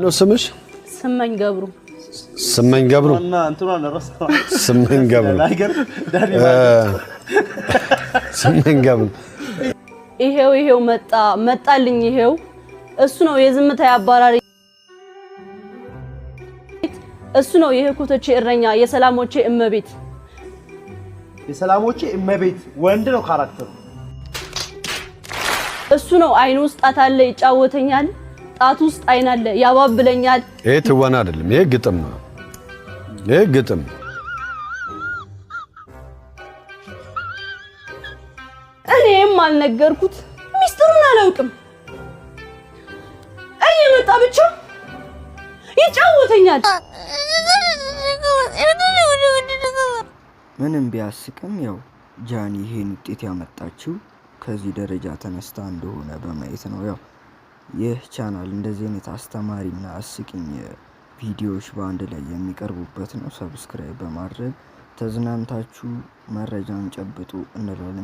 ነው ስምሽ? ስመኝ ገብሩ። ስመኝ ገብሩ ስመኝ ገብሩ ስመኝ ገብሩ። ይሄው ይሄው መጣ መጣልኝ። ይሄው እሱ ነው የዝምታ አባራሪ፣ እሱ ነው የህኩቶቼ እረኛ፣ የሰላሞቼ እመቤት፣ የሰላሞቼ እመቤት። ወንድ ነው ካራክተሩ። እሱ ነው አይኑ ውስጥ አታለ ይጫወተኛል ጣት ውስጥ አይን አለ ያባብለኛል። ይሄ ትወና አይደለም፣ ይሄ ግጥም ነው። ይሄ ግጥም እኔም አልነገርኩት ሚስጥሩን አላውቅም። እኔ መጣ ብቻ ይጫወተኛል። ምንም ቢያስቅም ያው ጃኒ ይሄን ውጤት ያመጣችው ከዚህ ደረጃ ተነስታ እንደሆነ በማየት ነው ያው ይህ ቻናል እንደዚህ አይነት አስተማሪና አስቂኝ ቪዲዮዎች በአንድ ላይ የሚቀርቡበት ነው። ሰብስክራይብ በማድረግ ተዝናንታችሁ መረጃን ጨብጡ እንላለን።